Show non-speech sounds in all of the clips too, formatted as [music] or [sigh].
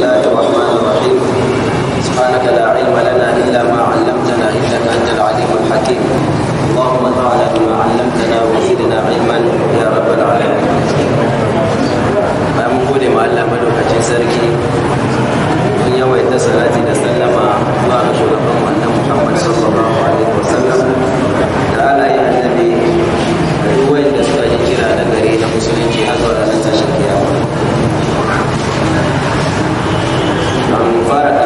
الله الرحمن الرحيم سبحانك لا علم لنا إلا ما علمتنا إنك أنت العليم الحكيم اللهم تعالى بما علمتنا وزدنا علما يا رب العالمين bayan gode ma Allah madaukacin sarki in yawaita salati da sallama zuwa ga shugaban wannan Muhammad sallallahu alaihi wasallam da alayin annabi da duk wanda suka ji kira da gare na musulunci a zuwa ranar Para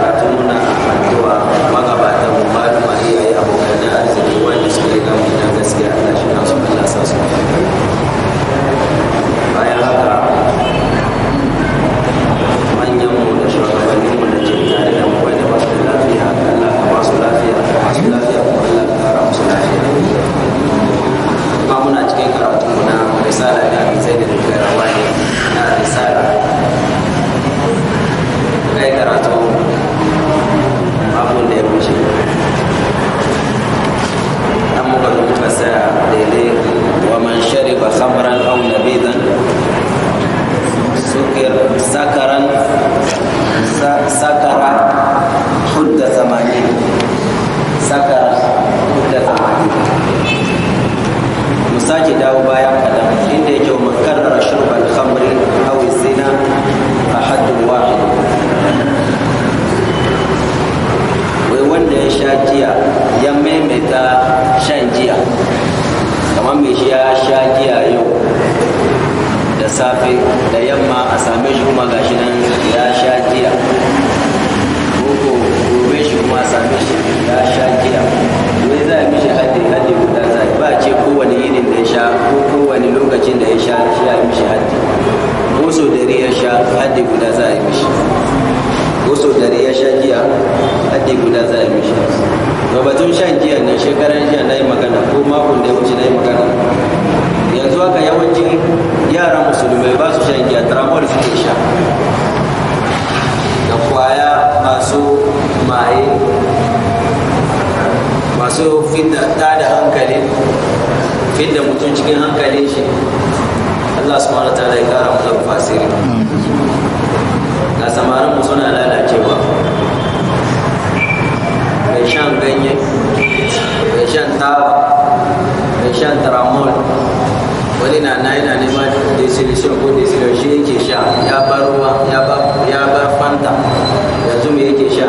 wa khamran aw labidan sukir sakara nan tramol wani na na yana nema desilishin ko desilishin yake sha ya ba ruwa ya ba fanta yanzu me yake sha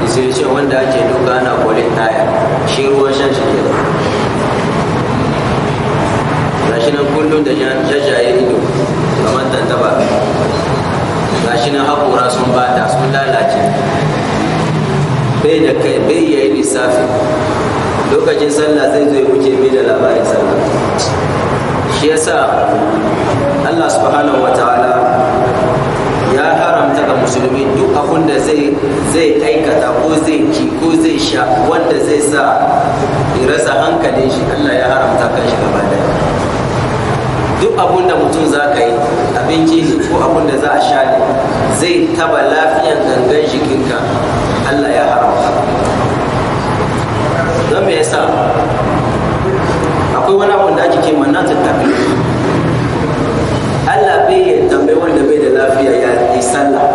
desilishin wanda ake duka ana kolin taya shi ruwan shan shi ke shi nan kullum da shashaye ido kamar tantaba shi nan haƙura sun bata sun lalace bai da kai bai yayi lissafi lokacin sallah zai zo ya wuce bi da labarin sallah shi yasa Allah subhanahu Wataala ya haramta ga musulmi duk abin da zai aikata ko zai ki ko zai sha wanda zai sa rasa hankalin shi Allah ya haramta kan shi gaba da duk abin da mutum za ka yi abinci ne ko abin da za a sha ne zai taba lafiyan gangan jikinka Allah ya haramta don me sa akwai wani abun da ake ke manata tafi Allah bai yi tambe wanda bai da lafiya ya yi sallah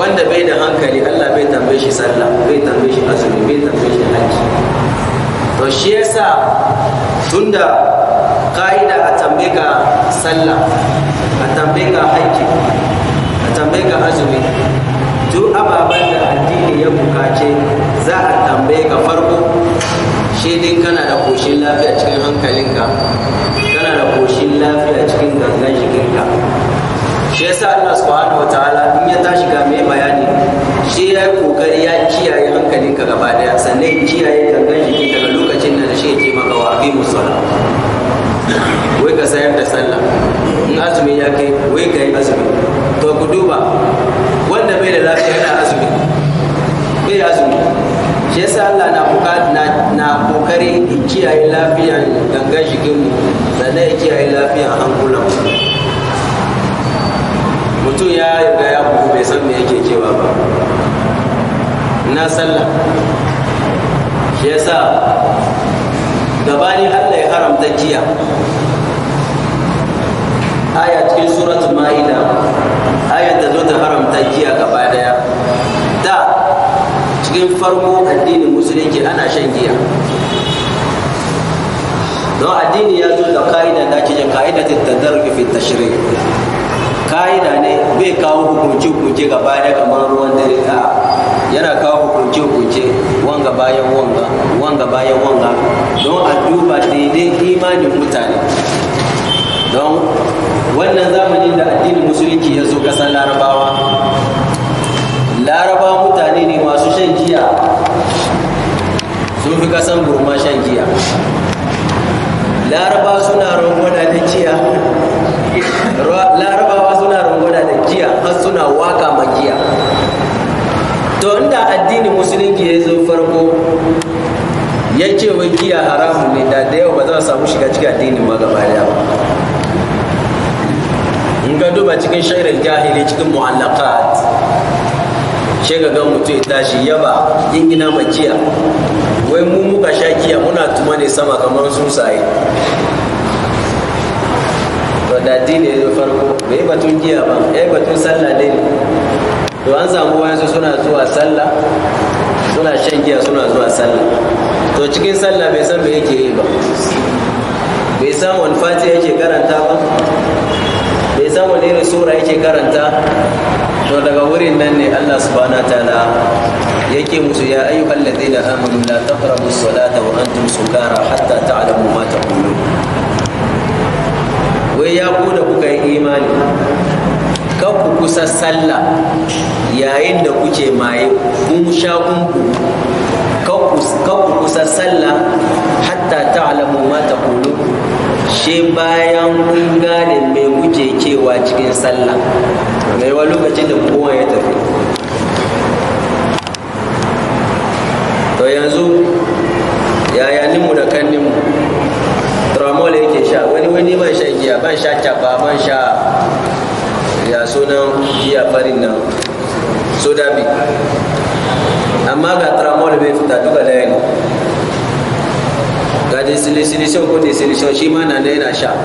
wanda bai da hankali Allah bai tambe shi sallah bai tambe shi azumi bai tambe shi haji to shi tun da ka'ida a tambaye ka sallah a tambe ka haji a tambe ka azumi duk ababen da addini ya bukace za a tambaye ka farko shi dai kana da koshin lafiya cikin hankalinka kana da koshin lafiya cikin gangan jikinka shi sa Allah subhanahu wataala in ya tashi ga mai bayani shi ya yi kokari ya kiyaye hankalinka gaba daya sannan kiyaye gangan jikinka daga lokacin da shi ya maka wa aqimus salat wai ka sayar da sallah in azumi ya kai wai ka yi azumi to ku duba wanda bai da lafiya yana azumi bai azumi shi yasa Allah na na kokari in kiyaye lafiyan gangan jikin mu sannan ya kiyaye lafiyan hankulan mutum ya riga ya bugu bai san me yake cewa ba na sallah shi yasa gabanin Allah ya haramta giya aya cikin suratul ma'ida a'ya da zo ta haramta giya gaba daya da cikin farko addinin musulunci ana shan giya don addini ya zo da ka'ida da ke jin ka'ida ta tadarruki fi tashri ka'ida ne bai kawo hukunci hukunci gaba daya kamar ruwan dare a yana kawo hukunce-hukunce wanga bayan wanga wanga bayan wanga don a duba daidai imanin mutane don wannan zamanin da addinin musulunci ya zo kasar larabawa laraba mutane ne masu shan giya sun fi kasan burma shan giya laraba suna rangwada da giya larabawa suna rangwada da giya har suna waka ma giya to inda addini musulunci ya zo farko ya ce wai giya haramu ne da da yau ba za a samu shiga cikin addinin ba gaba daya ba in ga duba cikin shairar jahili cikin mu'allaqat shi ga mutum ya shi yaba gina makiya wai mu muka sha kiya muna tuma ne sama kamar tsuntsaye to da addini ya zo farko bai batun giya ba ya batun sallah ne. to an samu wayansu suna zuwa sallah suna shan giya suna zuwa sallah to cikin sallah bai san me yake yi ba bai san wani fati yake karanta ba bai san wani irin sura yake karanta to daga wurin nan ne Allah subhanahu wa ta'ala yake musu ya ayyukan ladina amanu la taqrabu salata wa antum sukara hatta ta'lamu ma taqulun wai ya ku da kuka yi imani kan ku kusa sallah yayin da kuke maye kun sha kunku kan ku kusa sallah hatta ta'lamu ma taqulu she bayan kun gane me kuke cewa cikin sallah mai wa lokacin da kowa ya tafi to yanzu yaya mu da kan ninmu tramol yake sha wani wani ban sha giya ban sha taba ban sha ya sunan giya farin nan soda bi amma ga tramol bai fita duka daya ne ga desilisation ko desilisation shi ma na na sha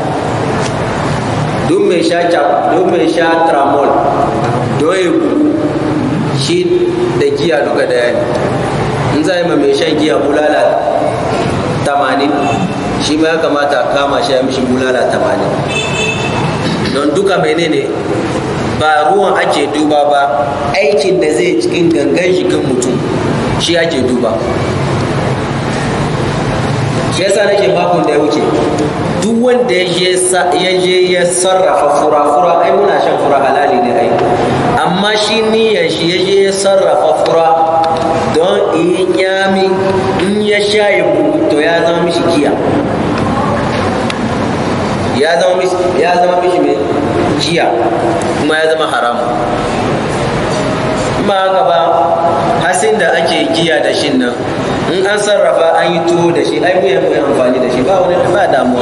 dumme mai sha cap dumme mai sha tramol don ya shi da giya duka daya ne in za ma mai shan giya bulala tamanin shi ma ya kamata kama shi ya mishi bulala tamanin don duka menene ba ruwan ake duba ba aikin da zai cikin gangan jikin mutum shi ake duba shi yasa nake makon da ya wuce duk wanda ya je ya sarrafa fura-fura ai muna shan fura halali ne ai amma shi niyyar shi ya je ya sarrafa fura don in kyami in ya sha ya to ya zama mishi kiya ya zama mishi mai jiya kuma ya zama haramu ma haka ba hasin da ake giya da shin nan in an sarrafa an yi tuwo da shi ai buya yi amfani da shi ba wani ba damuwa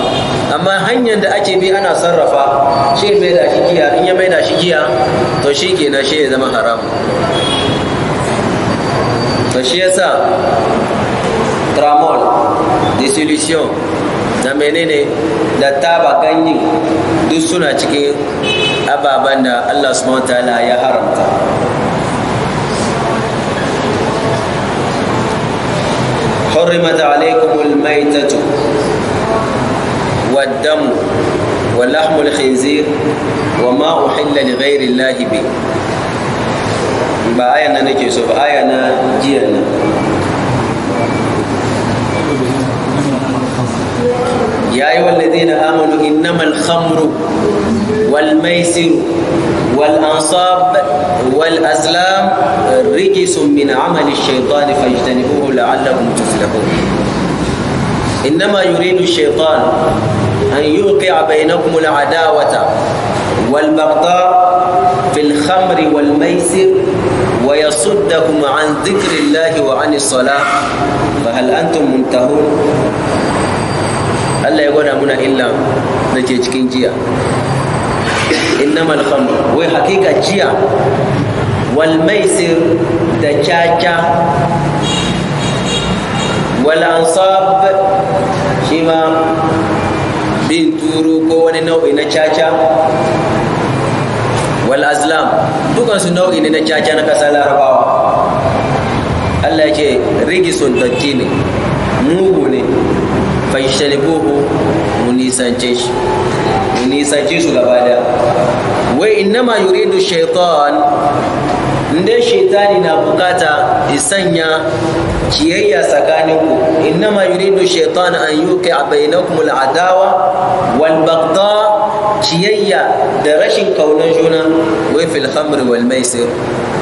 amma hanyar da ake bi ana sarrafa shi mai da shi jiya in ya mai da shi jiya to shi ke na shi ya zama haram to shi yasa tramol dissolution na menene da taba ganye duk suna cikin ababen da Allah su mawata ya haramta hori mada alaikumul mai tatu waddamu wa lahmul khinzi wa ma'u hila da gairin lahibi ba ayyana nake so ba ayyana jiyar nan يا أيها الذين آمنوا إنما الخمر والميسر والأنصاب والأزلام رجس من عمل الشيطان فاجتنبوه لعلكم تفلحون إنما يريد الشيطان أن يوقع بينكم العداوة والبغضاء في الخمر والميسر ويصدكم عن ذكر الله وعن الصلاة فهل أنتم منتهون Allah ya gwada muna illa da ke cikin jiya innamal khamr wai hakika jiya wal maisir da caca wal ansab shi ma bin turu ko wani nau'i na caca wal azlam dukansu nau'i ne na caca na kasa larabawa Allah ya ce rigisun datti ne mugu ne fajtalibuhu mu shi mu su gaba da wai innama yuridu shaitan inda shaitani na bukata isanya ciyayya tsakaninku innama yuridu shaitan an a bainakum al'adawa la'adawa baghdha kiyayya da rashin kaunar juna wai filhamar khamr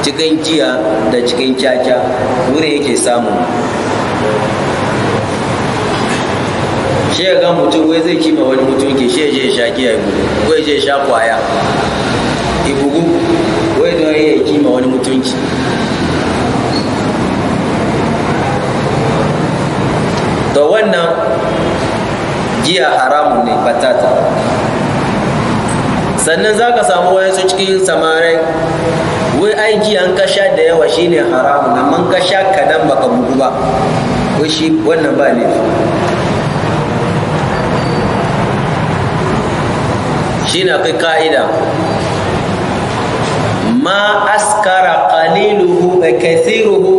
cikin jiya da cikin caca wuri yake samu shi ya ga mutum wai zai kima wani mutum ke shi ya je sha giya ya bugu wai je sha kwaya ibugu wai don ya kima wani ki to wannan giya haramun ne batata sannan za ka samu su cikin samarai wai ai an kasha da yawa shine haramun amma kasha kadan baka bugu ba wai shi wannan ba ne Shi na kai ka'ida ma askara a kathiruhu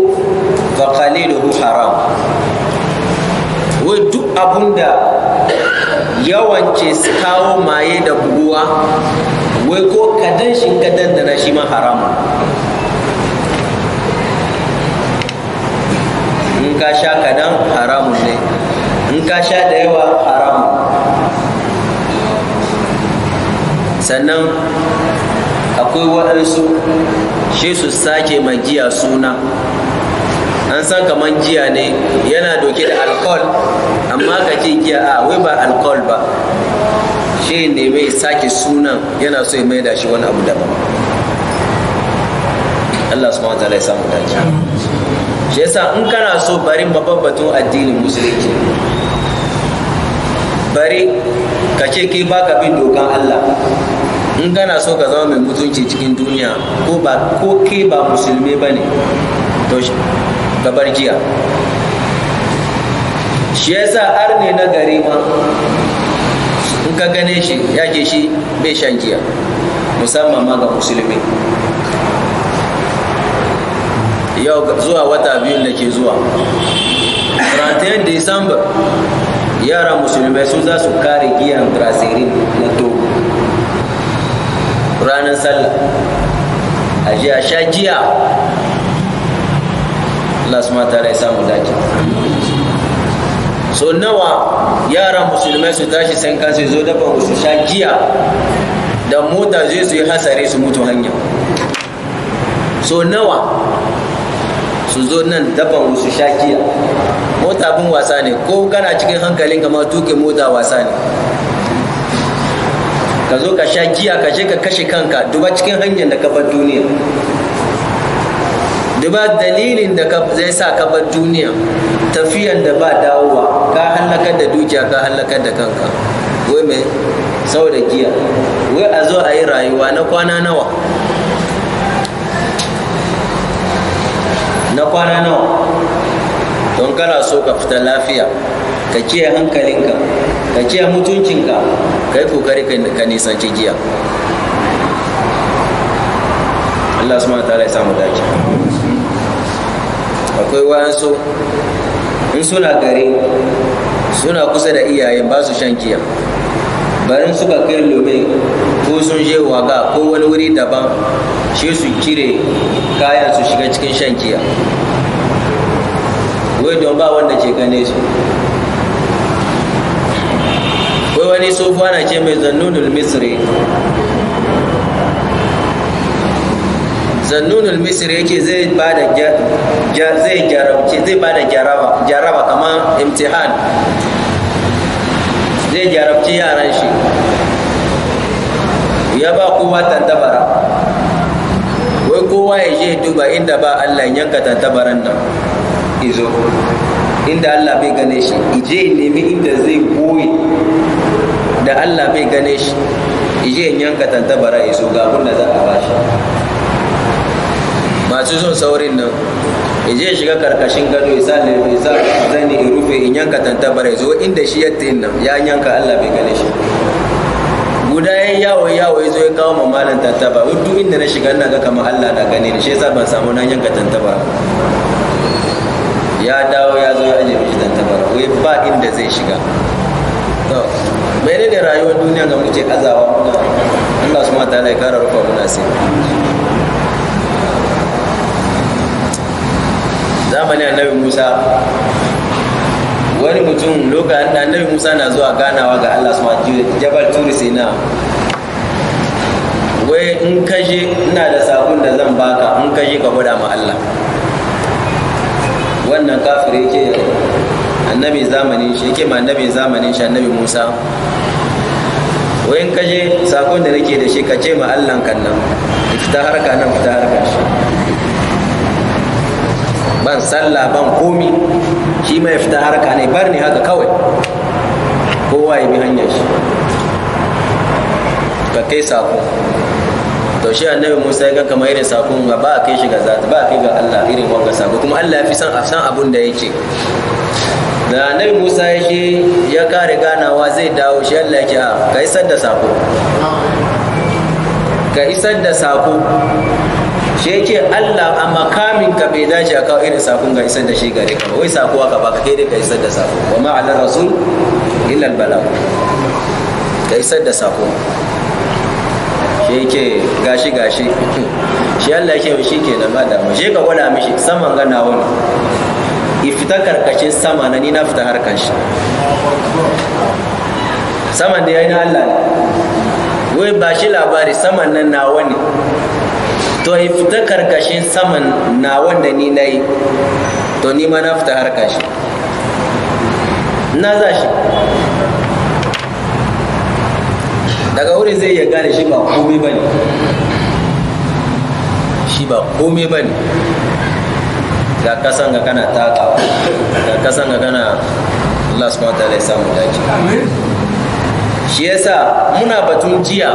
ga kaliluhu haram wai duk abunda yawance su kawo maye da buguwa wai ko kadan shi kadan da na shi ma haram? in ka sha kadan haramun ne in ka sha da yawa haramun sannan akwai waɗansu shi su sake majiya suna an san kamar jiya ne yana doke da alkohol amma ka ce giya a wai ba alkohol ba shi ne mai sake sunan yana so ya mai da shi wani abu daban Allah su wa lai samun daji dace shi yasa in kana so barin babban batun addinin musulunci bari ka ce kai ka bin dokan Allah in kana so ka zama mai mutunci cikin duniya ko ba ko kai ba musulmi ba ne to ka bar giya shi har ne na gari ma in ka gane shi ya ke shi bai shan jiya, musamman ma ga musulmi yau zuwa wata biyun da ke zuwa 31 Disamba yara musulmai su za su kare giyan trasirin na togo ranar sallah a jiya sha jiya Allah su mata rai so nawa yara musulmai su tashi san kansu zo dafa su sha jiya da mota zai su yi hasari su mutu hanya so nawa su zo nan daban su sha giya mota bin wasa ne ko kana cikin hankalin kamar tuke mota wasa ne ka zo ka sha giya ka je ka kashe kanka duba cikin hanyar da ka bar duniya duba dalilin da zai sa ka bar duniya tafiyan da ba dawowa ka hallakar da dukiya ka hallakar da kanka wai mai saboda giya wai a zo a yi rayuwa na kwana nawa kwana nawa don kana so ka fita lafiya ka kiyaye hankalinka ka kiyaye mutuncinka ka yi kokari ka nisanci giya Allah su mata ya samu dace akwai wayansu in suna gari suna kusa da iyayen ba su shan giya barin suka kai lume ko sun je waga ko wani wuri daban shi su cire kayan su shiga cikin shan giya wai don ba wanda ke gane su wai wani sofuwa na ce mai zannunul misri zannunul misri yake zai ba da zai ba da jaraba kamar imtihan zai jarabci yaran shi ya ba kowa tantabara kowa ya je duba inda ba Allah yanka tantabaran nan izo inda Allah bai gane shi ije nemi inda zai goye da Allah bai gane shi ije yanka tantabara izo ga abin za a bashi masu son saurin nan ije shiga karkashin gado ya sa zani ya rufe in yanka tantabara izo inda shi ya nan ya yanka Allah bai gane shi guda ya yawo yawo ya zo ya kawo mamalin tantaba duk inda na shiga ina ga kamar Allah na gane ni shi yasa ban samu nan yanka tantaba. ya dawo ya zo ya aje mishi tattaba wai ba inda zai shiga to bai ne rayuwar duniya ga muke kazawa muna Allah su mata ya kara rufa muna sai zamanin annabi Musa wani mutum lokacin da annabi musa na zuwa ganawa ga allah su jabal turi sina wai in kaje ina da sabon da zan baka in kaje ka gwada ma allah wannan kafir yake annabi zamanin shi yake ma annabi zamanin shi annabi musa wai in kaje sakon da nake da shi ka ce ma allah kan nan fita harka nan fita harka shi ban sallah ban komi shi mai fita harka ne bar ni haka kawai kowa yi bi hanyar shi ka kai sako to shi annabi musa ya ga kamar irin sako ga ba a kai shi ga zata ba a kai ga allah irin wanga sako kuma allah ya fi san abin da yake da annabi musa ya shi ya kare ganawa zai dawo shi allah ya ce a ah, ka isar da sako ga isar da sako shi yake Allah a makamin ka bai dace a kawo irin sakon ga isar da shi gare ka wai sako aka baka kai dai ka isar da sako wa ma ala rasul illal bala ka isar da sako shi yake gashi gashi [laughs] shi Allah yake shi ke da madama shi ka gwada mishi saman gana wani ifita karkashin sama na ni na fita harkar shi saman da ya yi na Allah ne wai ba shi labari saman nan nawa ne to ya fita karkashin saman na wanda ni na yi to ni ma na fita harka shi na za shi daga wurin zai iya gane shi ba komai ba ne shi ba kome ba ne ga kasan ga kana takawa ga kasan ga kana Allah subhanahu wa ta'ala ya samu dace shi yasa muna batun jiya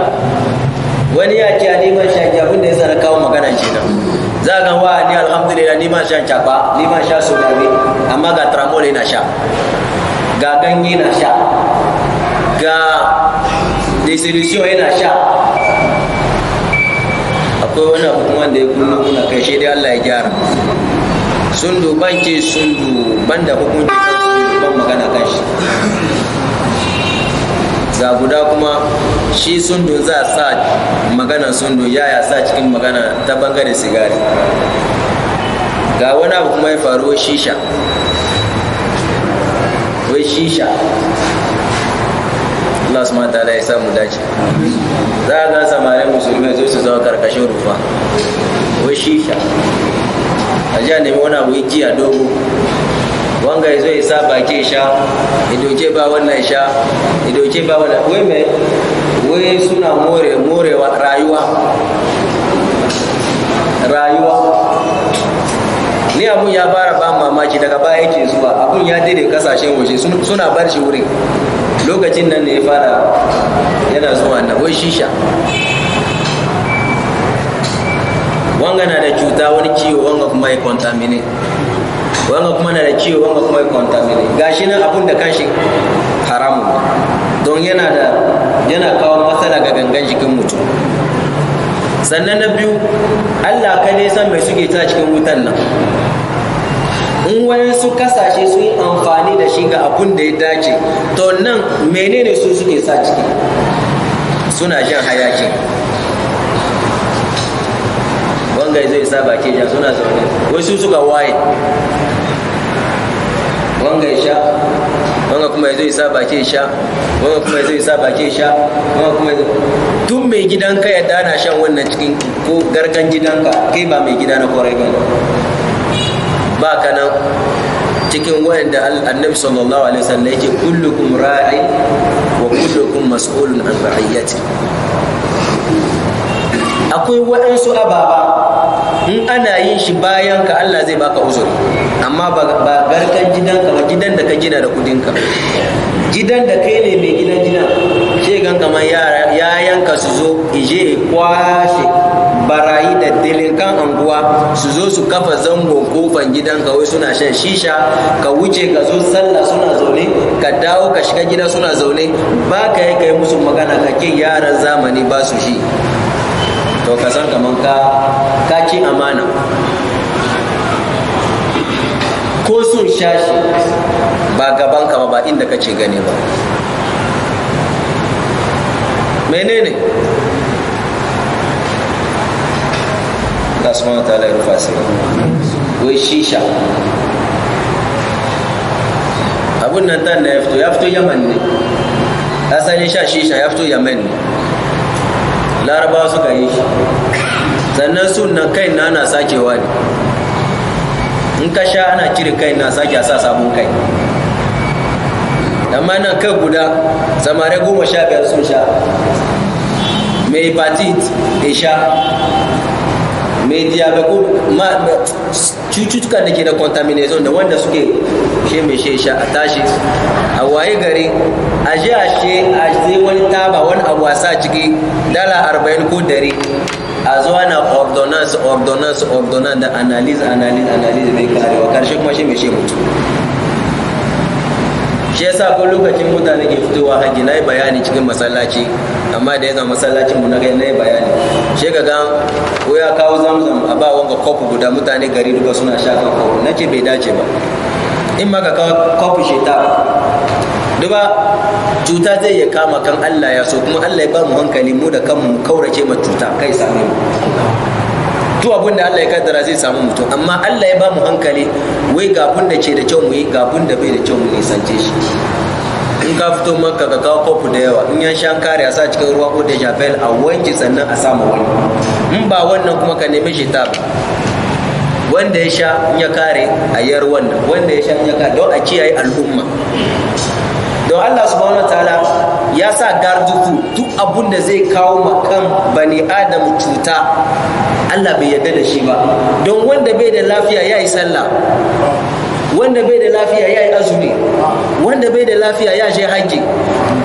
wani ya kiya neman shaki abinda ya yasa kawo magana shi na za ga wa ni alhamdulillah ni ma sha caba ni ma sha sugari amma ga tramole na sha ga ganye na sha ga desilusion yana sha akwai wani abu kuma da ya kullum kuna kai shi dai Allah ya gyara sun ban ce sun ban da hukunci kan sundu ban magana kan shi ga guda kuma shi sundu za sa magana sundu yaya sa cikin magana ta bangare sigari ga wani abu kuma ya faru shisha wai shisha Allah su mata ya samu dace za a ga samarin musulmi zai su zama karkashin rufa wai shisha a jiya nemi wani abu yi jiya dogo wanga ya zo ya sa bakin sha ya doke ba wannan sha ya doke ba wannan wai mai wai suna more morewa rayuwa rayuwa ni abun ya fara ba mamaki daga baya yake zuwa abun ya daidai kasashen waje suna bar shi wurin lokacin nan ne ya fara yana zuwa na wai shisha wanga na da cuta wani ciwo wanga kuma ya contaminate wanga kuma na da ciwo wanga kuma ya contaminate gashi nan abun da kanshi haramun don yana da yana kawo matsala ga gangan jikin mutum sannan na biyu allah ka ne san mai suke ta cikin wutan nan in su kasashe su yi amfani da shi ga abun da ya dace to nan menene su suke sa ciki suna jan hayaki wanga zai sa baki jan suna zaune wasu suka waye wanga ya sha wanga kuma ya zo ya sa baki ya sha wanga kuma ya zo ya sa baki ya sha wanga kuma ya tun mai gidanka ya dana shan wannan cikin ko gargan gidanka kai ba mai gida na kwarai ba ba ka nan cikin wayanda annabi sallallahu alaihi wasallam yake kullukum ra'i wa kullukum mas'ulun an ra'iyati akwai waɗansu ababa in ana yin shi bayan ka Allah zai baka uzuri amma ba garkan ka ba gidan da ka gina da kudinka gidan da kai ne mai gidan gina ce gan kamar yara ya yanka su zo ije kwashe barayi da dilinkan anguwa su zo su kafa zango kofan gidan wai suna shan shisha ka wuce ka zo sallah suna zaune ka dawo ka shiga gida suna zaune ba ka yi ka musu magana ka ke yaran zamani ba su shi to ka san kaman ka ka ci amana ko sun shashi ba gaban ka ba inda ka ce gane ba menene Allah subhanahu wa ta'ala ya rufa sai wai shisha abun nan dan da ya fito ya fito yaman ne asalin sha shisha ya fito yaman ne laraba suka yi shi sannan sunan kai na na sakewa ne in ka sha ana cire kai na sake a sa sabon kai amma nan kai guda samare goma sha biyar sun sha mai patit ya sha mai diabetes cututtuka da ke da contamination da wanda suke she mai she sha a tashi a waye gari a ji a she a je wani taba wani abu a sa ciki dala arba'in ko dari a zuwa na ordonance ordonance ordonance da analyze analyze analyze bai karewa karshe kuma she mai she mutu shi sa ko lokacin mutane ke fitowa haji na yi bayani cikin masallaci amma da ya zama masallacin mu na na yi bayani shi ga gan ko ya kawo zamzam a ba wanga kofi guda mutane gari duka suna sha kan kofi na ce bai dace ba in ma ka kwafi ta, duba cuta zai ya kama kan Allah ya so kuma Allah ya ba mu hankali mu da kanmu kaurace ma cuta kai same mu to abin da Allah ya kaddara zai samu mutum amma Allah ya ba mu hankali wai ga abin da ce da kyau mu yi ga abin da bai da kyau mu nisance shi in ka fito ma ka kawo kofi da yawa in yan shan kare a sa cikin ruwa ko da shafel a wanke sannan a sama wani in ba wannan kuma ka nemi shi ta ba wanda ya sha ya kare a yar wanda wanda ya sha ya kare don a kiyaye al'umma don Allah subhanahu ta'ala ya sa garduku duk abun da zai kawo makan bani adam cuta Allah bai yarda da shi ba don wanda bai da lafiya ya yi sallah wanda bai da lafiya ya yi azumi wanda bai da lafiya ya je haji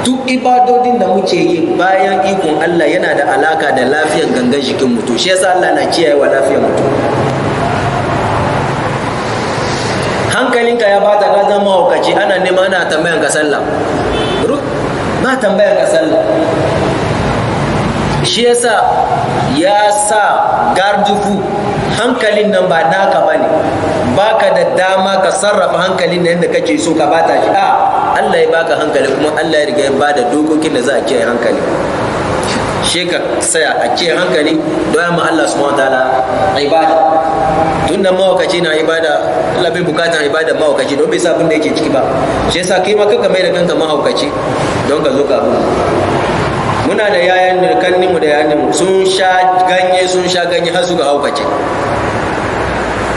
duk ibadodin da muke yi bayan ikon Allah yana da alaka da lafiyan gangan jikin mutum shi yasa Allah na kiyaye wa lafiyan mutum hankalinka ya bata ka zama hukaci ana nema ana tambayan ka sallah ba tambayan ka sallah shi yasa ya sa gardufu hankalin nan ba naka ba ne ba ka da dama ka sarrafa hankalin nan yadda kake so ka bata shi a Allah ya baka hankali kuma Allah ya riga ya bada dokokin da za a kiyaye hankali shi ka a ke hankali don ya ma Allah subhanahu wataala ibada tun da mawakaci na ibada Allah bai bukatar ibada mawakaci don bai sa abin da yake ciki ba shi yasa kai ma kanka mai da kanka mawakaci don ka zo ka abu muna da yayan da kannin mu da yayan mu sun sha ganye sun sha ganye har suka haukace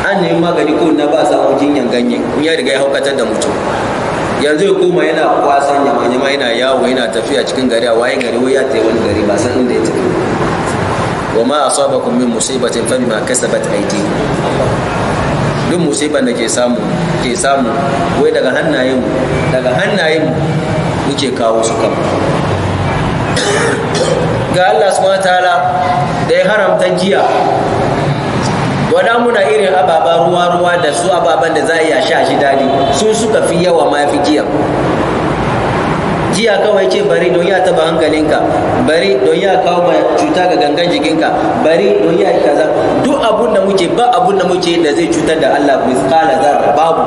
an nemi magani ko na ba samu jinyan ganye in ya riga ya haukatar da mutum yanzu ya koma yana kwasan yamma yana yawo yana tafiya cikin gari a wayan gari wai ya yi wani gari ba san inda ya tafi wa ma asabakum min musibatin fa bima kasabat aydikum duk musibar da ke samu ke samu wai daga hannayen daga hannayen muke kawo su kan ga Allah subhanahu wataala da ya haramta giya gwada muna irin ababen ruwa-ruwa da su ababen da za a iya sha shi dadi su suka fi yawa mafi giyan jiya kawai ce bari don ya taba hankalinka bari don ya kawo ba cuta ga gangan jikinka bari don ya kaza duk abun da muke ba abun da muke da zai cutar da Allah misqala zarra babu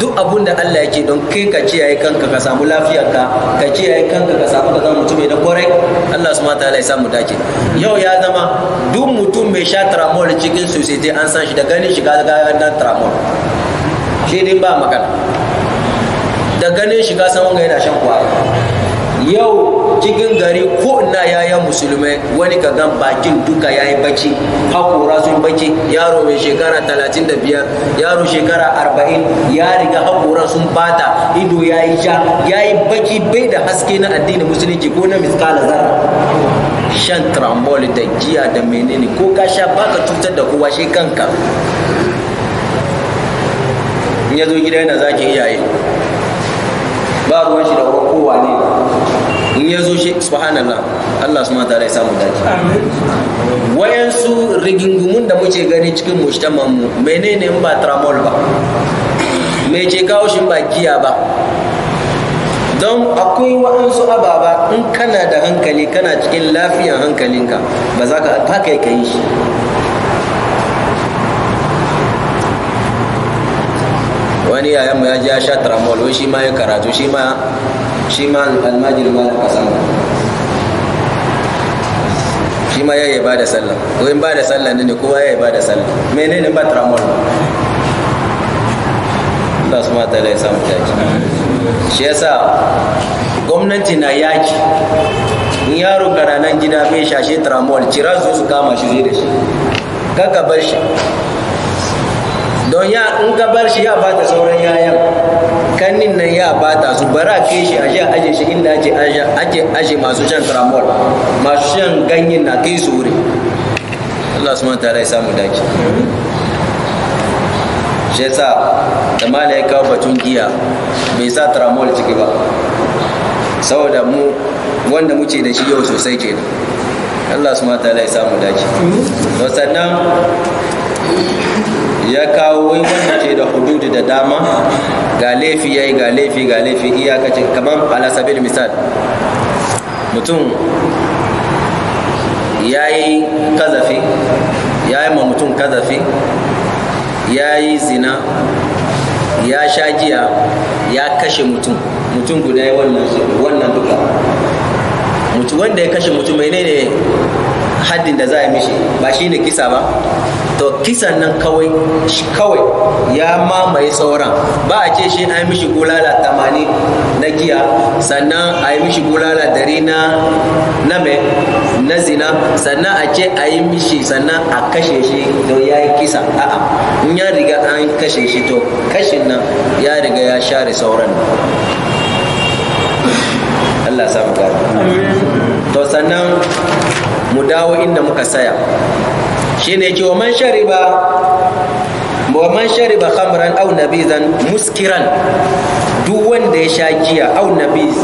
duk abun da Allah yake don kai ka kiyaye kanka ka samu lafiyarka ka kiyaye kanka ka samu ka zama mutum mai da kwarai Allah subhanahu wataala ya samu dace yau ya zama duk mutum mai sha tramol cikin society an san shi da ganin shi ga ga tramol shi dai ba magana da ganin shi ka san wanga yana shan kwaya yau cikin gari ko ina yayan musulmai wani ka gan bakin duka ya yi bacci hakora sun bacci yaro mai shekara 35 yaro shekara 40 ya riga hakora sun bata ido ya yi sha ya yi bacci bai da haske na addinin musulunci ko na miskala zara shan trambol da giya da menene ko ka sha baka cutar da kowa shi kanka in ya zo gida yana zaki iyaye ba ruwan shi da kowa ne in ya zo shi subhanallah Allah su mata da ya samu dace wayansu rigingumun da muke gani cikin mujtamanmu mu menene in ba tramol ba me ce kawo shi ba giya ba don akwai waansu ababa in kana da hankali kana cikin lafiyan hankalinka ba za ka haka kai shi wani mu ya ji ya sha tramol wai shi ma ya karatu shi ma shi ma almajiri ma da kasan shi ma ya yi ba da sallan ko in ba da sallan ne kowa ya yi ba da sallan menene ba tramol Allah su mata da ya samu taki shi ya sa gwamnati na yaki in yaro gara nan gida bai shashe tramol cira su su kama shi zai da shi kaka bar shi don ya in ka bar shi ya bata sauran yayan kannin nan ya bata su bara kai shi a aje aje shi inda aje ajiye aje masu shan tramol masu shan ganyen na kai su wuri Allah su mata rai samu daji. shi yasa da ya kawo batun giya bai sa tramol ciki ba saboda mu wanda muke da shi yau sosai ke Allah su mata lai samu dace to sannan ya kawo wai wanda ke da hududu da dama ga laifi yayi ga laifi ga laifi iyakaci kamar alasabir misal mutum ya yi kazafi ya yi ma mutum kazafi ya yi zina ya sha giya ya kashe mutum mutum guda ya wannan duka wanda ya kashe mutum mai ne haddin da za a mishi ba shi ne kisa ba to kisan nan kawai kawai ya mamaye sauran ba a ce shi a yi mishi gulala tamani na giya sannan a yi mishi gulala dari na na na zina sannan a ce a yi mishi sannan a kashe shi to ya yi kisa a'a in ya riga an kashe shi to kashin nan ya riga ya share sauran Allah samu gari to sannan mu dawo inda muka saya shine ke wa man shariba wa man shariba khamran aw nabizan muskiran duk wanda ya sha giya aw nabiz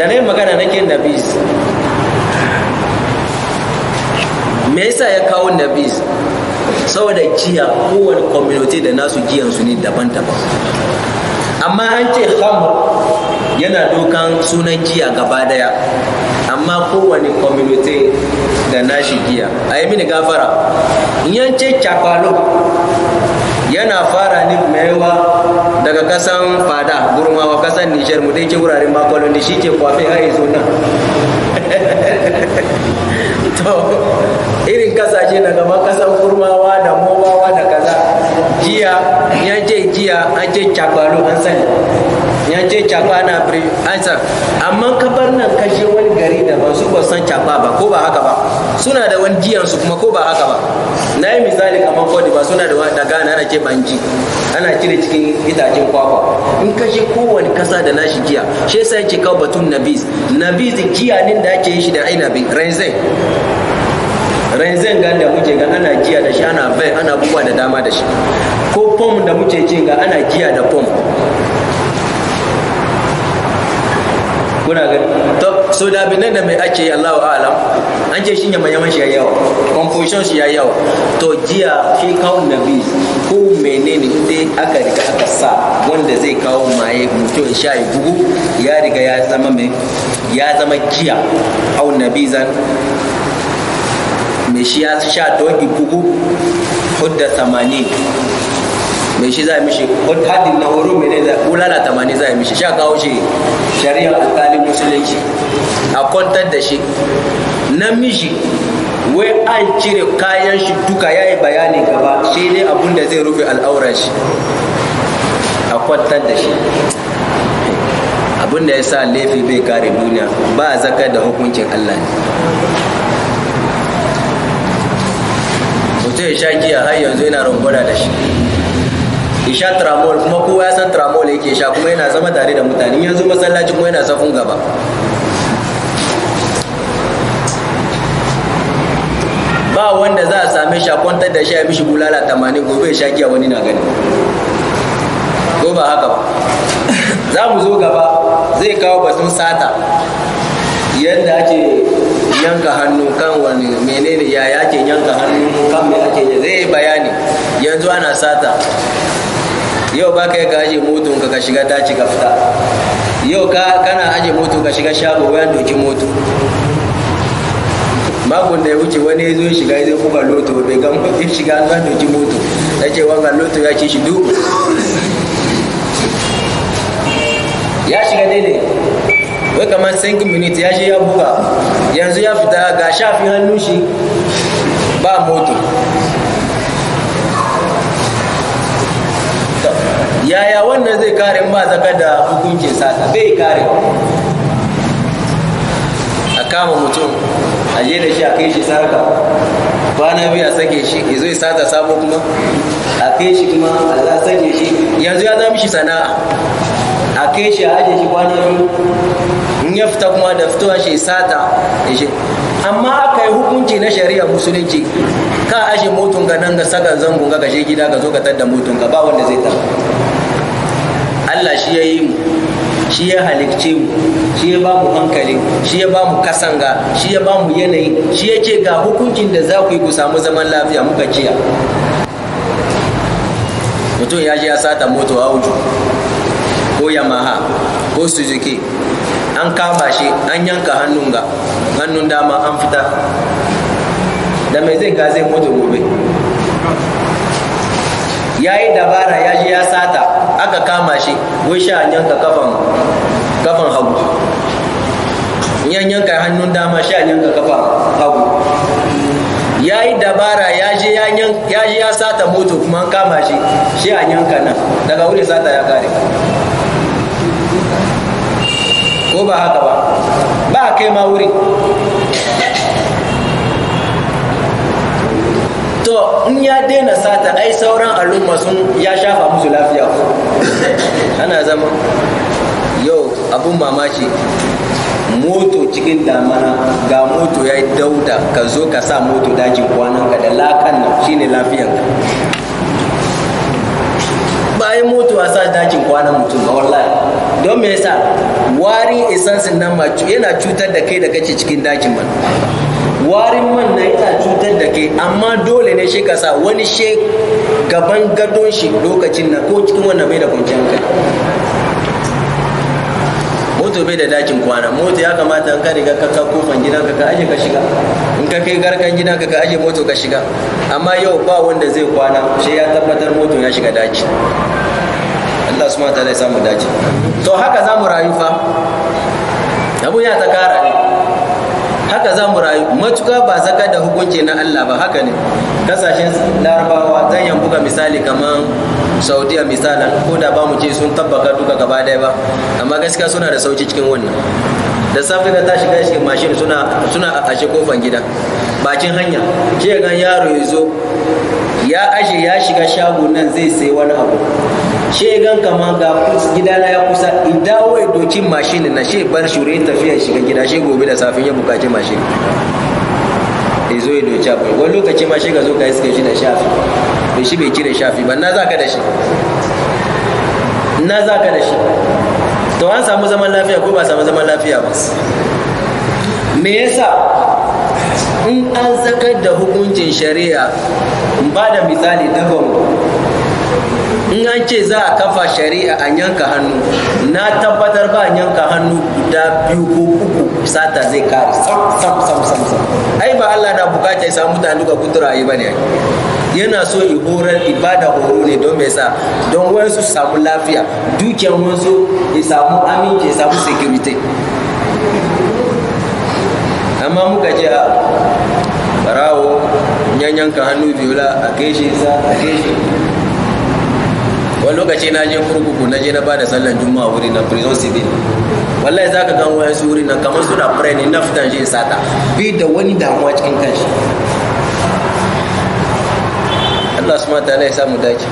da nayi magana nake nabiz me yasa ya kawo nabiz saboda giya kowane community da nasu giyan su ne daban-daban amma an ce khamr yana dokan sunan giya gaba daya amma kowane community da nashi giya a yi mini gafara yance cakwalo yana fara ne maiwa daga kasan fada gurmawa kasan nijar mu dai ke wuraren makwalon da shi ke kwafe a zo nan [laughs] to irin kasashe na gaba kasan kurmawa da mowawa da kaza jiya ya ce jiya an ce cakwalo an sani ya ce cakwa na biri an san amma kabar nan kashe ba su ba san caba ba ko ba haka ba suna da wani jiyansu kuma ko ba haka ba na yi misali kamar kodi ba suna da da daga ana ce banji ana cire cikin itacen kwakwa in ka je kowane kasa da nashi jiya, shi yasa yake kawo batun nabiz nabiz jiya ne da ake yi shi da ainabi renzen renzen gan da muke ga ana jiya da shi ana bai ana buwa da dama da shi ko pom da muke ce ga ana jiya da pom kuna gani so da abin nan da mai ake Allahu alam an ce shine mai yawan shi ya yawa confusion shi ya yawa to jiya shi kawo nabi ko menene inda aka riga aka sa wanda zai kawo maye mutum sha ya bugu ya riga ya zama mai ya zama jiya au nabi zan mai shi ya sha don bugu hudda 80 mai shi za a mishi hadin na horo mai ne bulala tamani za a mishi sha kawo shi shari'ar alkalin musulunci a kwantar da shi na mishi wai an cire kayan shi duka ya yi bayani gaba shi ne abun da zai rufe al'auran shi a kwantar da shi abin da ya sa laifi bai kare duniya ba a zakar da hukuncin allah ne mutum ya sha giya har yanzu yana rungura da shi in sha tramol kuma kowa ya san tramol yake sha kuma yana zama tare da mutane yanzu masallaci kuma yana safin gaba ba wanda za a same shi kwantar da shi ya mishi bulala tamanin gobe ya shaki a wani na gani ko ba haka ba [laughs] za mu zo gaba zai kawo batun sata yadda ake yanka hannu kan wani menene ya yake yanka hannu kan me ake zai bayani yanzu ana sata yau ba yi ka aje moton ka shiga ta ka fita yau ka kana aje moto ka shiga shago wayan doki moto makon da ya wuce wani ya zo ya shiga zai kuka loto bai gan ya shiga an zan doki moto ya ce wanga loto ya ce shi duk ya shiga daidai wai kamar sinkin minit ya shi ya buga yanzu ya fita ga shafi hannun shi ba moto zai kare ba zaka da hukuncin sata bai kare a kama mutum a je da shi a kai shi sarka kwana biya a sake shi ya zo ya sata sabo kuma a kai shi kuma a sake shi yanzu ya zama shi sana'a a kai shi a ajiye shi kwana biyu in ya fita kuma da fitowa shi sata ya shi amma aka yi hukunci na shari'a musulunci ka ashe motunka nan ga saka zangon ka kashe gida ka zo ka tadda ka ba wanda zai taba Allah shi ya yi mu shi ya halicce mu shi ya ba mu hankali shi ya ba mu kasanga shi ya ba mu yanayi shi ya ce ga hukuncin da za ku yi ku samu zaman lafiya muka jiya mutum ya je ya sata moto auto ko yamaha ko suzuki an kama shi an yanka hannun ga hannun dama an fita da mai zai ga zai moto gobe ya yi dabara ya je ya sata aka kama shi wai sha an yanka kafan kafan hagu yan yanka hannun dama sha a yanka kafan hagu ya yi dabara ya je ya sata moto kuma an kama shi shi a yanka nan daga wuri sata ya kare ko ba haka ba ba kai ma wuri so in ya daina sata ai sauran al'umma sun ya shafa musu lafiya ana zama yau abun mamaki moto cikin damana ga moto ya yi dauda ka zo ka sa moto dajin ka da lakan nan shine lafiyanka bayan moto a sa dajin kwanan mutum ga wallahi don me yasa wari isansin nan ma yana cutar da kai da kace cikin dajin man warin man na yana cutar da ke, amma dole ne shi ka sa wani she gaban gadon shi lokacin na ko cikin wannan bai da kwanciyar kai. moto bai da dakin kwana moto ya kamata an kare ka ka kofan gidan ka ka aje ka shiga in ka kai garkan gidan ka ka aje moto ka shiga amma yau ba wanda zai kwana sai ya tabbatar moto ya shiga daki Allah subhanahu wa ta'ala ya samu daki to haka zamu rayu fa abu ya ta kara ne haka za mu rayu matuka ba zaka da hukunci na Allah ba haka ne kasashen larabawa zan yan buga misali kamar saudiya misalan ko da ba mu ce sun tabbaka duka gaba daya ba amma gaskiya suna da sauki cikin wannan da safe ka tashi shiga mashin suna suna ashe kofan gida bakin hanya ke ga yaro ya zo ya ashe ya shiga shago nan zai sai wani abu shegan kama ga gidana ya kusa idawo ya doki mashin na she bar shure tafiya shiga gida she gobe da safin ya bukaci mashin ya zo ya doki abu wani lokaci ma she ga zo ka iske shi da shafi bai shi bai cire shafi ba na za ka da shi na za ka da shi to an samu zaman lafiya ko ba samu zaman lafiya ba me yasa in an zakar da hukuncin shari'a in ba da misali daban in an ce za a kafa shari'a a yanka hannu na tabbatar ba a yanka hannu guda biyu ko uku sata zai kare sam sam sam sam ai ba Allah na bukata ya samu mutane duka kutura yi bane yana so horar ibada horo ne don mai sa don wani su samu lafiya dukiyar wayansu ya samu aminci ya samu security amma muka je a ah, barawo yanyanka hannu biyu la a keshi sa a keshi wani lokaci na je kurkuku na je na ba da sallan juma'a wuri na prison civil wallahi za ka gan wani wuri na kamar suna pray ne na fitan shi sata bi da wani damuwa cikin kanshi Allah su mata ya samu daki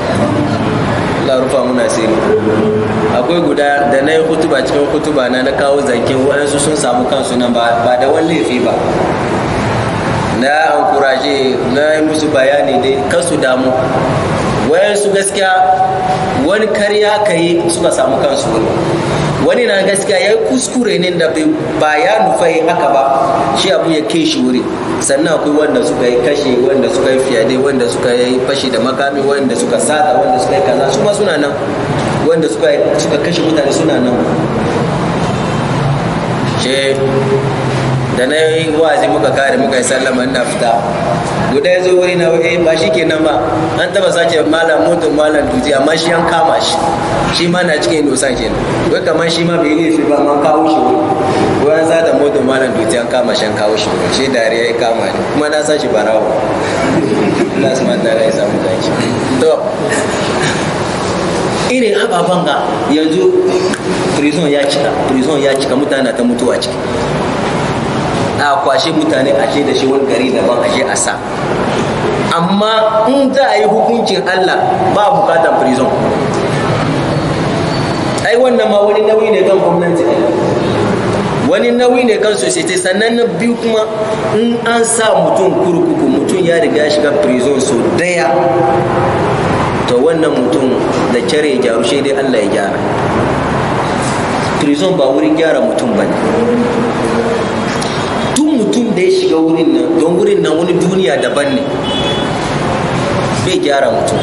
Allah rufa muna sirri akwai guda da na yi hutuba cikin hutuba na na kawo zanke wayansu sun samu kansu nan ba da wani laifi ba na ankuraje na yi musu bayani dai kasu damu wayansu gaskiya wani karya ka yi suka samu kansu wani wani na gaskiya ya yi kuskure ne da ba ya nufa yi haka ba shi abu ya ke shi wuri sannan akwai wanda suka yi kashe wanda suka yi fiyade wanda suka yi fashi da makami wanda suka sata wanda suka yi kaza su ma suna nan wanda suka kashe mutane suna nan da na yi wazi muka kare muka yi sallama ina fita guda ya zo wuri na wuri eh, ba shi nan ba an taba sace mala mutum mala duji amma shi an kama shi shi ma na cikin dosa kenan wai kamar shi ma bai laifi ba ma kawo shi wuri an zata mutum mala duji an kama shi an kawo shi wuri shi dariya ya kama ni kuma na sa barawa ina su mata rai ya samu dace to irin ababen ga yanzu prison ya cika prison ya cika mutane ta mutuwa ciki a kwashe mutane a da shi wani gari daban a je a sa amma in za a yi hukuncin Allah ba bukatar prison ai wannan ma wani nauyi ne kan gwamnati ne wani nauyi ne kan society sannan na biyu kuma in an sa mutum kurkuku mutum ya riga shiga prison so daya to wannan mutum da cire gyaru shi dai Allah ya gyara prison ba wurin gyara mutum ba ne mutum da ya shiga wurin nan don wurin nan wani duniya daban ne bai gyara mutum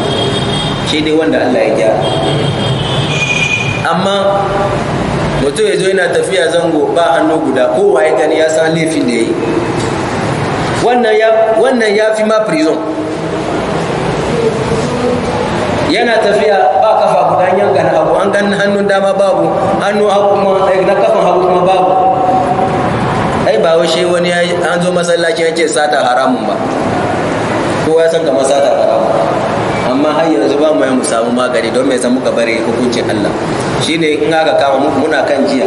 ke dai wanda Allah ya gyara amma mutum ya zo yana tafiya zango ba hannu guda kowa ya gani ya san laifin da ya yi wannan ya fi ma prison yana tafiya ba kafa guda yan gana abu an gani hannun dama babu hannu hagu kuma eh, na kafan hagu kuma babu ai ba wai shi wani an zo masallaci yake sata haramun ba kowa ya san kamar sata haramun amma har yanzu ba mu mu samu magani don mai san muka bari hukuncin Allah shine in aka kama muna kan jiya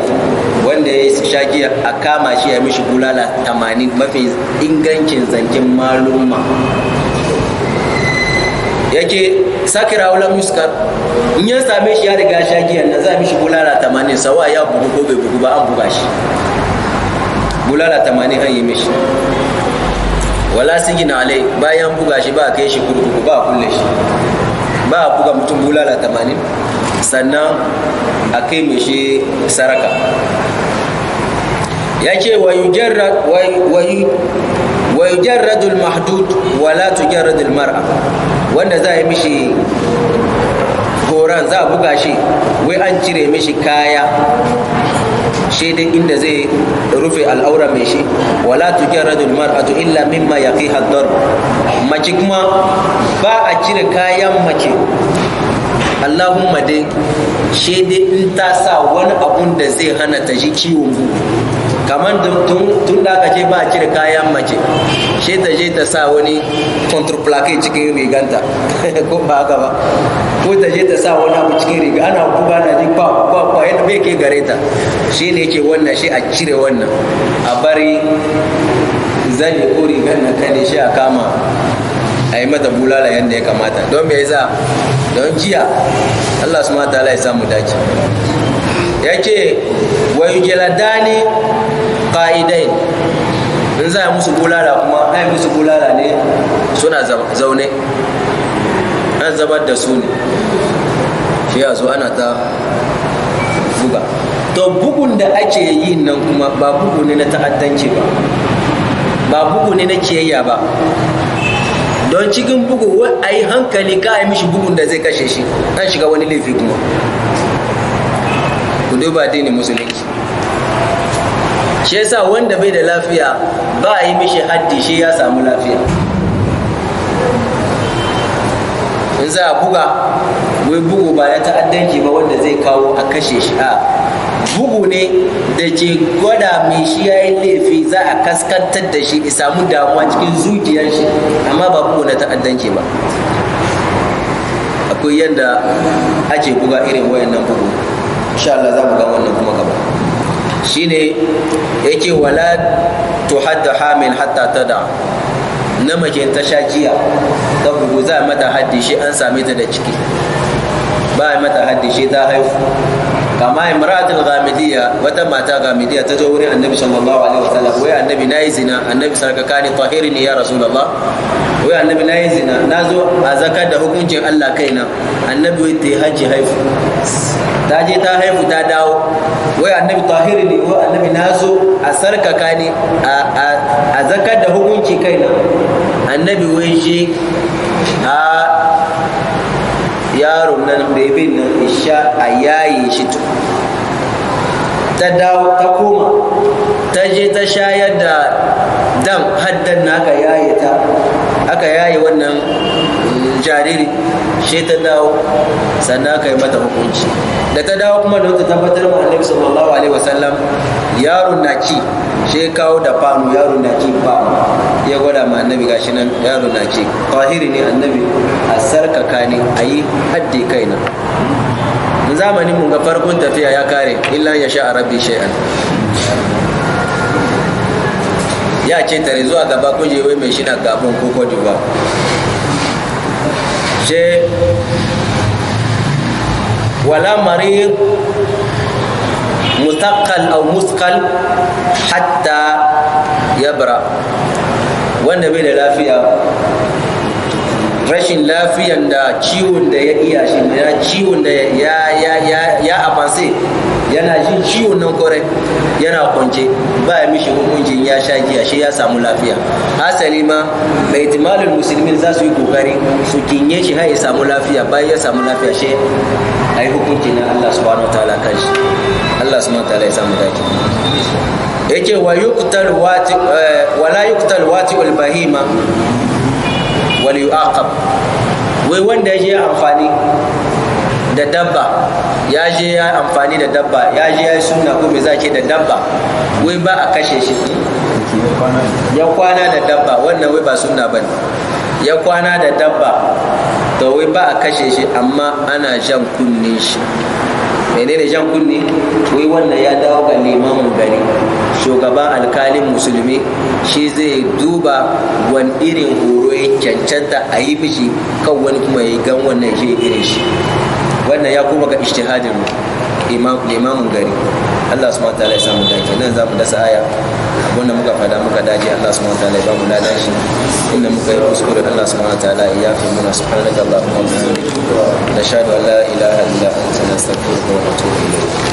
wanda ya sha giya a kama shi ya mishi bulala tamanin mafi ingancin zancen maluma yake sakira wala muskar in ya same shi ya riga sha giyan nan za mishi bulala tamanin sawa ya bugu ko bai bugu ba an buga shi bulala tamanin an yi mishi wala sigina alai bayan buga shi ba kai shi kurkuku ba kulle shi ba buga mutum bulala tamanin sannan a kai mishi saraka ya ce wa yujarradu al-mahdud wala tu jarradul mara wanda za a yi mishi horon za a buga shi wai an cire mishi kaya shi inda zai rufe al'aura mai shi wala tujarradul mar'atu illa mimma ya ad haddar mace kuma ba a cire kayan mace Allahumma dai shi in ta sa wani abun da zai hana ta shi ciwon kamar tun da aka ce ba a cire kayan mace shi ta je ta sa wani contraplaque cikin riganta [laughs] ko ba haka ba ko ta je ta sa wani abu cikin riga ana ba na ji ba ba ba yadda bai ke gare ta shi ne yake wannan shi a cire wannan a bari zan yi ko rigan na kai shi a kama a yi mata bulala yadda ya kamata don me yasa don jiya Allah su mata ta'ala ya samu dace yake wa yujaladani qa'idain musu bulala kuma ai musu bulala ne suna zaune an zabar da su ne shi ya zo ana ta buga to bugun da ake yi nan kuma ba bugu ne na ta'addanci ba ba bugu ne na kiyayya ba don cikin bugu a yi hankali ka yi mishi bugun da zai kashe shi an shiga wani laifi kuma ku duba dini musulunci shi yasa wanda bai da lafiya ba a yi mishi haddi shi ya samu lafiya in za a buga wai bugu ba ya ta'addanci ba wanda zai kawo a kashe shi a bugu ne da ke gwada mai shi ya yi laifi za a kaskantar da shi ya samu damuwa cikin zuciyar shi amma ba bugu na ta'addanci ba akwai yadda ake buga irin wayannan bugu insha Allah za mu ga wannan kuma gaba shine yake wala hadda hamil hatta tada na mace ta sha jiya ta za mata haddi shi an same ta da ciki ba mata haddi shi ta haifu kama imratul ghamidiyya wata mata ghamidiyya ta zo wurin annabi sallallahu alaihi wasallam wai annabi nayi zina annabi sarkaka kani tahirin ya rasulullah wai annabi nayi zina nazo a zakar da hukuncin Allah kaina annabi wai ta haji haifu ta je ta haihu ta dawo wai annabi tahiri ne wai annabi na zo a sarkaka ne a zakar da hukunci kaina annabi wai shi. a yaron nan bebin nan isha a yayi shi ta dawo ta koma ta je ta shayar da dam haddan aka yayi ta aka yaye wannan jariri shi ta dawo sannan aka yi mata hukunci da ta dawo kuma da ta tabbatar ma annabi sallallahu alaihi wasallam yaron na ci shi kawo da fanu yaron na ci fanu ya gwada ma annabi gashi nan yaron na ci tahiri ne annabi a sarkaka ne a yi haddi kaina zamanin mun ga farkon tafiya ya kare illa ya sha arabi shay'an ya ce tare zuwa gaba kujewa mai shi na gabon ko duba ashe wala marid mutakkal au muskal hatta yabra wanda bai da lafiya rashin lafiyan da ciwon da ya iya shi da ciwon da ya iya. ciwon nan kwarai yana kwance ba ya mishi hukuncin ya sha giya shi ya samu lafiya hasali ma mai timalin musulmin za su yi kokari su kinye shi har ya samu lafiya bayan ya samu lafiya shi a yi hukunci na allah subhanahu wa ta'ala kan shi allah subhanahu wa ta'ala ya samu dace yake wa yuqtal wati eh, wala yuqtal wati wal bahima wal yu'aqab wai wanda ya je amfani da dabba ya je ya amfani da dabba ya je ya yi suna ko mai zake da dabba wai ba a kashe shi ya kwana da dabba wannan wai ba suna ba ne ya kwana da dabba to wai ba a kashe shi amma ana jan kunne shi menene jan kunne wai wannan ya dawo ga limamin gari shugaban alkalin musulmi shi zai duba wani irin horo ya cancanta a yi mishi kan wani kuma ya gan wannan shi irin shi wannan ya koma ga ishtihadin imamun gari Allah su mata laisa mu daji nan zamu dasa aya abinda muka fada muka dace Allah su mata laifin mu ladan shi inda muka yi kuskure Allah mata laifin ya fi muna subhanaka Allahumma wa bihamdika nashhadu an la ilaha illa anta nastaghfiruka wa natubu ilayk